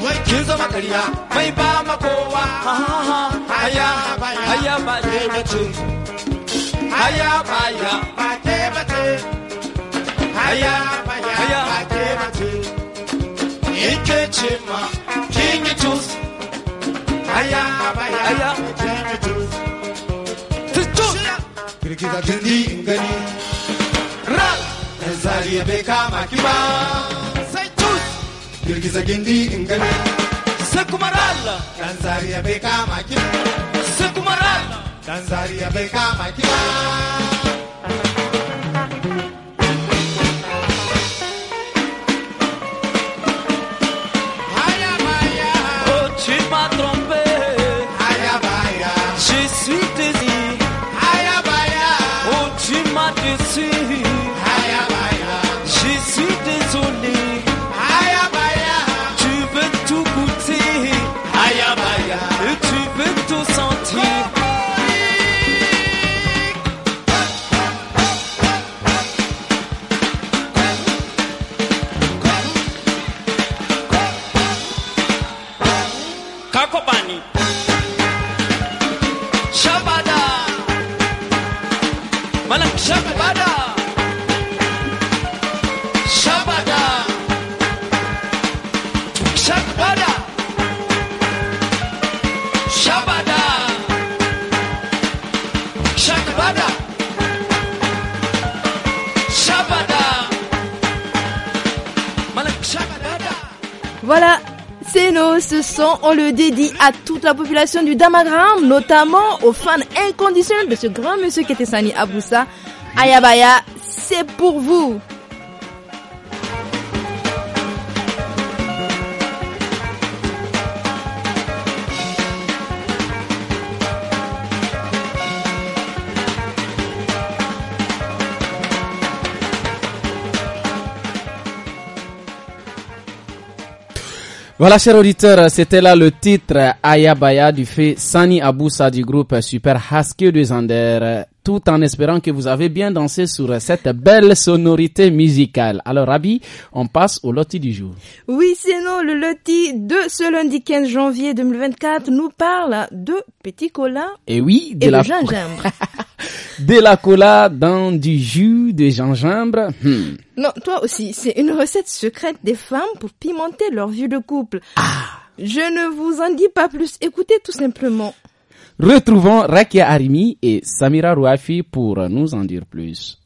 wai kin zama karya mai ba ma kowa haya baya haya ba ke bace haya baya ba ke bace haya baya haya ba ke bace ike ce ma kin yi haya baya haya ba ke bace ki ga birni gani ral dan beka makiba. kama ki ba sai girgiza gindi in gani sai kuma ral dan zariya bai kama ki à toute la population du Damagram, notamment aux fans inconditionnels de ce grand monsieur qui était Sani Aboussa. Ayabaya, c'est pour vous. Voilà, chers auditeurs, c'était là le titre Aya Baya du fait Sani Aboussa du groupe Super Haske de Zander, tout en espérant que vous avez bien dansé sur cette belle sonorité musicale. Alors, Rabi, on passe au loti du jour. Oui, c'est sinon, le loti de ce lundi 15 janvier 2024 nous parle de petit cola et oui, de, la... de gingembre. de la cola dans du jus de gingembre. Hmm. Non, toi aussi, c'est une recette secrète des femmes pour pimenter leur vie de couple. Ah. Je ne vous en dis pas plus, écoutez tout simplement. Retrouvons Rakia Arimi et Samira Rouafi pour nous en dire plus.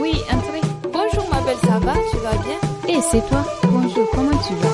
Oui, entrez. Bonjour ma belle, ça va Tu vas bien Eh, c'est toi Bonjour, comment tu vas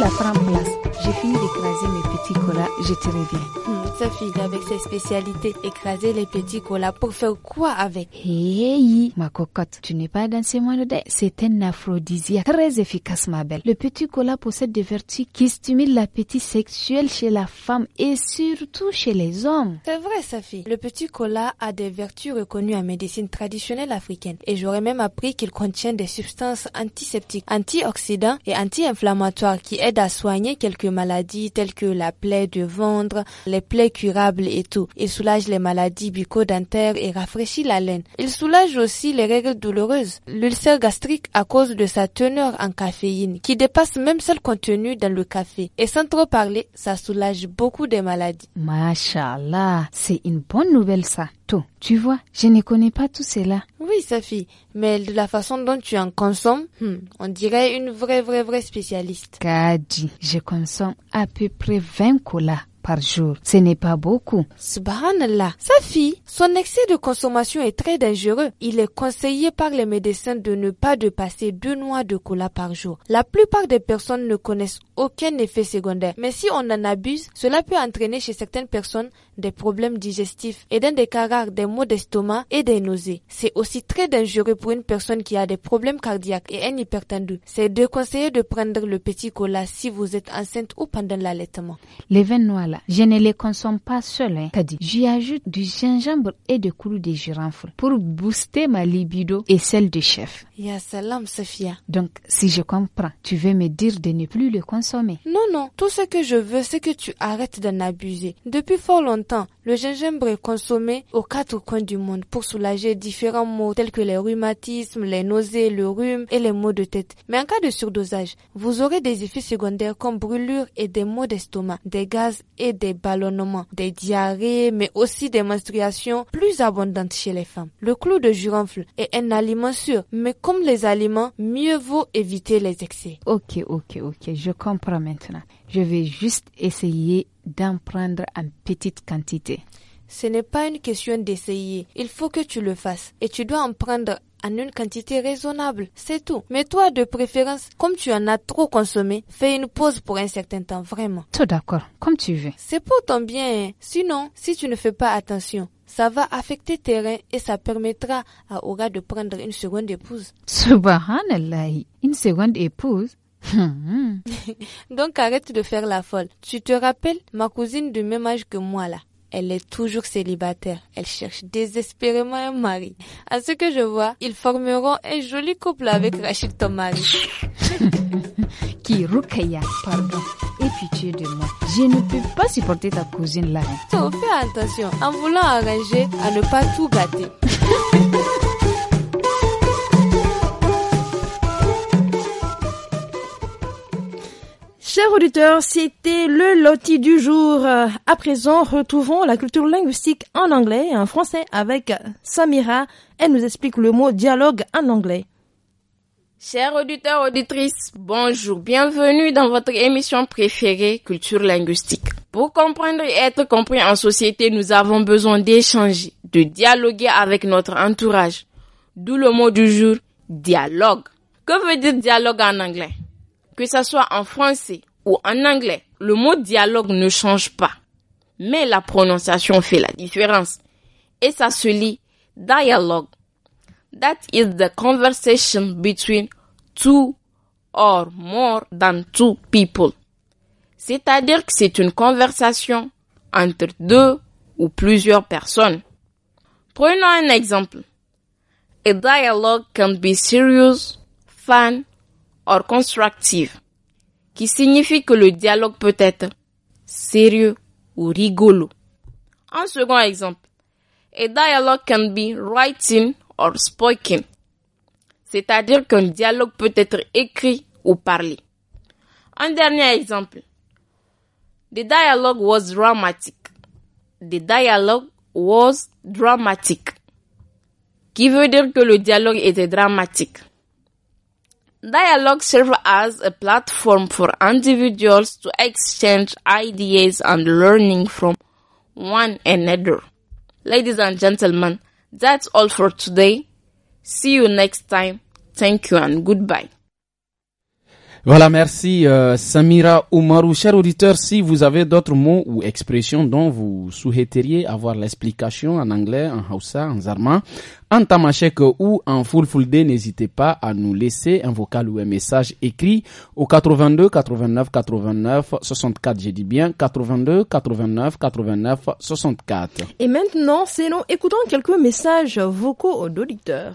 la prends place. J'ai fini d'écraser mes petits colas, je te reviens. Hmm sa fille avec ses spécialités. Écraser les petits colas pour faire quoi avec Hey, ma cocotte, tu n'es pas dans ces là. C'est un aphrodisiaque très efficace, ma belle. Le petit cola possède des vertus qui stimulent l'appétit sexuel chez la femme et surtout chez les hommes. C'est vrai, sa fille. Le petit cola a des vertus reconnues en médecine traditionnelle africaine et j'aurais même appris qu'il contient des substances antiseptiques, antioxydants et anti-inflammatoires qui aident à soigner quelques maladies telles que la plaie de ventre, les plaies curable et tout. Il soulage les maladies bucco-dentaires et rafraîchit la laine. Il soulage aussi les règles douloureuses. L'ulcère gastrique à cause de sa teneur en caféine qui dépasse même celle contenue dans le café. Et sans trop parler, ça soulage beaucoup de maladies. Mashallah, c'est une bonne nouvelle ça. Tout. Tu vois, je ne connais pas tout cela. Oui, Safi, mais de la façon dont tu en consommes, hmm, on dirait une vraie, vraie, vraie spécialiste. Kadi, je consomme à peu près 20 colas par jour. Ce n'est pas beaucoup. Subhanallah. fille, son excès de consommation est très dangereux. Il est conseillé par les médecins de ne pas dépasser deux noix de cola par jour. La plupart des personnes ne connaissent aucun effet secondaire. Mais si on en abuse, cela peut entraîner chez certaines personnes des problèmes digestifs et d'un des cas des maux d'estomac et des nausées. C'est aussi très dangereux pour une personne qui a des problèmes cardiaques et un hypertendu. C'est de conseiller de prendre le petit cola si vous êtes enceinte ou pendant l'allaitement. Les vins noirs là, je ne les consomme pas seul hein, J'y ajoute du gingembre et du coulou de girofle pour booster ma libido et celle du chef. Ya Sofia Donc, si je comprends, tu veux me dire de ne plus le consommer? Non, non. Tout ce que je veux, c'est que tu arrêtes d'en abuser. Depuis fort longtemps, le gingembre est consommé aux quatre coins du monde pour soulager différents maux tels que les rhumatismes, les nausées, le rhume et les maux de tête. Mais en cas de surdosage, vous aurez des effets secondaires comme brûlures et des maux d'estomac, des gaz et des ballonnements, des diarrhées, mais aussi des menstruations plus abondantes chez les femmes. Le clou de girofle est un aliment sûr, mais comme les aliments, mieux vaut éviter les excès. Ok, ok, ok, je comprends maintenant. Je vais juste essayer d'en prendre en petite quantité. Ce n'est pas une question d'essayer. Il faut que tu le fasses et tu dois en prendre en une quantité raisonnable. C'est tout. Mais toi, de préférence, comme tu en as trop consommé, fais une pause pour un certain temps, vraiment. Tout d'accord, comme tu veux. C'est pour ton bien. Hein. Sinon, si tu ne fais pas attention, ça va affecter tes reins et ça permettra à Aura de prendre une seconde épouse. Subhanallah, une seconde épouse Hmm. Donc arrête de faire la folle. Tu te rappelles, ma cousine du même âge que moi là, elle est toujours célibataire. Elle cherche désespérément un mari. À ce que je vois, ils formeront un joli couple avec Rachid ton mari. Qui pardon. Et pitié de moi. Je ne peux pas supporter ta cousine là. fais attention. En voulant arranger, à ne pas tout gâter. Chers auditeurs, c'était le loti du jour. À présent, retrouvons la culture linguistique en anglais et en français avec Samira. Elle nous explique le mot dialogue en anglais. Chers auditeurs, auditrices, bonjour, bienvenue dans votre émission préférée Culture linguistique. Pour comprendre et être compris en société, nous avons besoin d'échanger, de dialoguer avec notre entourage. D'où le mot du jour, dialogue. Que veut dire dialogue en anglais que ça soit en français ou en anglais, le mot dialogue ne change pas. Mais la prononciation fait la différence. Et ça se lit dialogue. That is the conversation between two or more than two people. C'est-à-dire que c'est une conversation entre deux ou plusieurs personnes. Prenons un exemple. A dialogue can be serious, fun, or constructive, qui signifie que le dialogue peut être sérieux ou rigolo. Un second exemple. A dialogue can be writing or spoken. C'est-à-dire qu'un dialogue peut être écrit ou parlé. Un dernier exemple. The dialogue was dramatic. The dialogue was dramatic. Qui veut dire que le dialogue était dramatique. Dialogue serves as a platform for individuals to exchange ideas and learning from one another. Ladies and gentlemen, that's all for today. See you next time. Thank you and goodbye. Voilà, merci euh, Samira Oumarou. Chers auditeurs, si vous avez d'autres mots ou expressions dont vous souhaiteriez avoir l'explication en anglais, en Hausa, en Zarma, en Tamashek ou en full day, n'hésitez pas à nous laisser un vocal ou un message écrit au 82 89 89 64. J'ai dit bien 82 89 89 64. Et maintenant, c'est nous écoutons quelques messages vocaux d'auditeurs.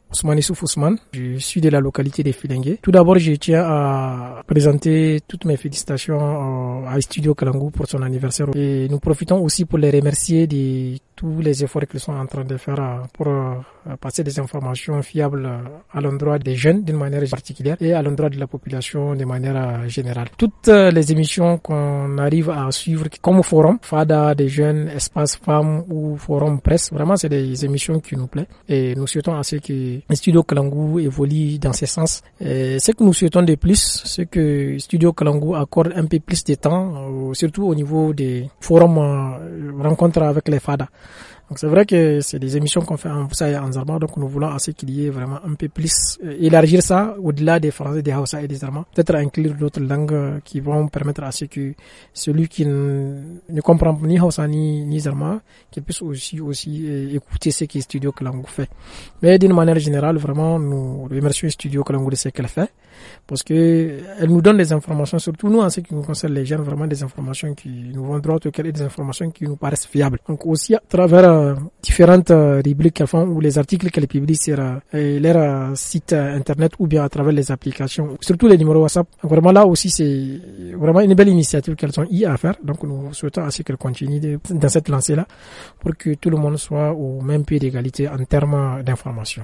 Ousmane Je suis de la localité des Filingués. Tout d'abord, je tiens à présenter toutes mes félicitations euh, à Studio Kalangou pour son anniversaire. Et nous profitons aussi pour les remercier de tous les efforts qu'ils sont en train de faire euh, pour euh, passer des informations fiables à l'endroit des jeunes d'une manière particulière et à l'endroit de la population de manière générale. Toutes les émissions qu'on arrive à suivre comme forum, FADA des jeunes, espace femmes ou forum presse, vraiment c'est des émissions qui nous plaisent et nous souhaitons à ceux qui Studio Kalangu évolue dans ce sens. Euh, ce que nous souhaitons de plus, c'est que Studio Kalangu accorde un peu plus de temps, euh, surtout au niveau des forums euh, rencontres avec les FADA. Donc c'est vrai que c'est des émissions qu'on fait en Hausa et en Zarma, donc nous voulons assez qu'il y ait vraiment un peu plus, euh, élargir ça au-delà des Français, des Hausa et des Zarma, peut-être inclure d'autres langues euh, qui vont permettre à ce que celui qui ne comprend ni Hausa ni, ni Zarma, qu'il puisse aussi, aussi euh, écouter ce que Studio Kalangu fait. Mais d'une manière générale, vraiment, nous remercions Studio que de ce qu'elle fait parce que elle nous donne des informations, surtout nous en ce qui nous concerne les jeunes, vraiment des informations qui nous vont droit au des informations qui nous paraissent fiables. Donc aussi à travers euh, différentes euh, rubriques qu'elles font ou les articles qu'elles publient sur euh, leur euh, site internet ou bien à travers les applications, surtout les numéros WhatsApp. vraiment là aussi c'est vraiment une belle initiative qu'elles ont eu à faire. Donc nous souhaitons à ce qu'elles continuent dans cette lancée là pour que tout le monde soit au même pied d'égalité en termes d'informations.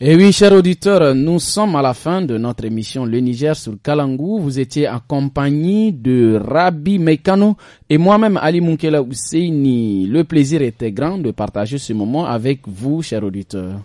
Et oui, chers auditeurs, nous sommes à la fin de notre émission Le Niger sur Kalangou. Vous étiez en de Rabi Mekano et moi-même Ali Munkela Ousseini. Le plaisir était grand de partager ce moment avec vous, chers auditeurs.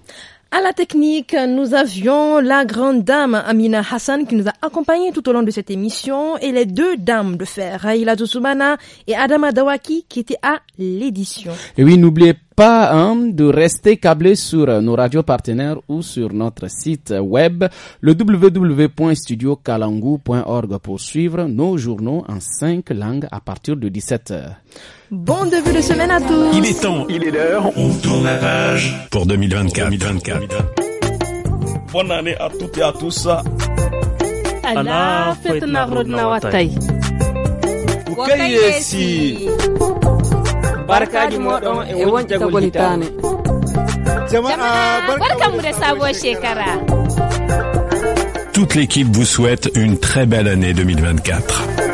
À la technique, nous avions la grande dame Amina Hassan qui nous a accompagnés tout au long de cette émission et les deux dames de fer, Raïla Zoussoumana et Adama Dawaki qui étaient à l'édition. Et oui, n'oubliez pas un de rester câblé sur nos radios partenaires ou sur notre site web le www.studiocalangou.org pour suivre nos journaux en cinq langues à partir de 17h. Bon début de semaine à tous. Il est temps, il est l'heure. On tourne la page pour 2024. Bonne année à toutes et à tous. Toute l'équipe vous souhaite une très belle année 2024.